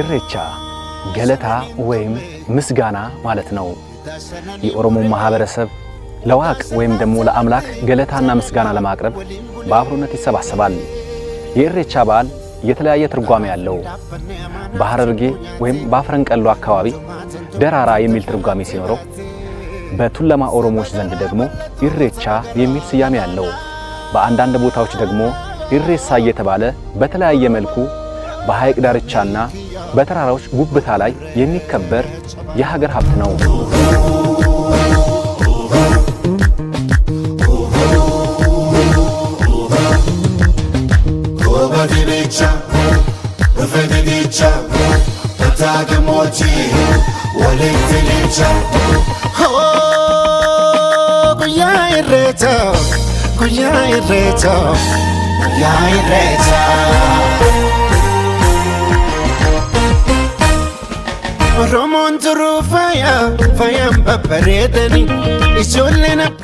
ኢሬቻ ገለታ ወይም ምስጋና ማለት ነው። የኦሮሞ ማህበረሰብ ለዋቅ ወይም ደግሞ ለአምላክ ገለታና ምስጋና ለማቅረብ በአብሮነት ይሰባሰባል። የኢሬቻ በዓል የተለያየ ትርጓሜ ያለው በሐረርጌ ወይም በአፈረንቀሎ አካባቢ ደራራ የሚል ትርጓሜ ሲኖረው በቱለማ ኦሮሞዎች ዘንድ ደግሞ ኢሬቻ የሚል ስያሜ ያለው፣ በአንዳንድ ቦታዎች ደግሞ ኢሬሳ እየተባለ በተለያየ መልኩ በሐይቅ ዳርቻና በተራራዎች ጉብታ ላይ የሚከበር የሀገር ሀብት ነው። Guyay Reta, Guyay Reta, Guyay Reta. Oromoon turuu faayaan faayaan babbareedani ijoolleen.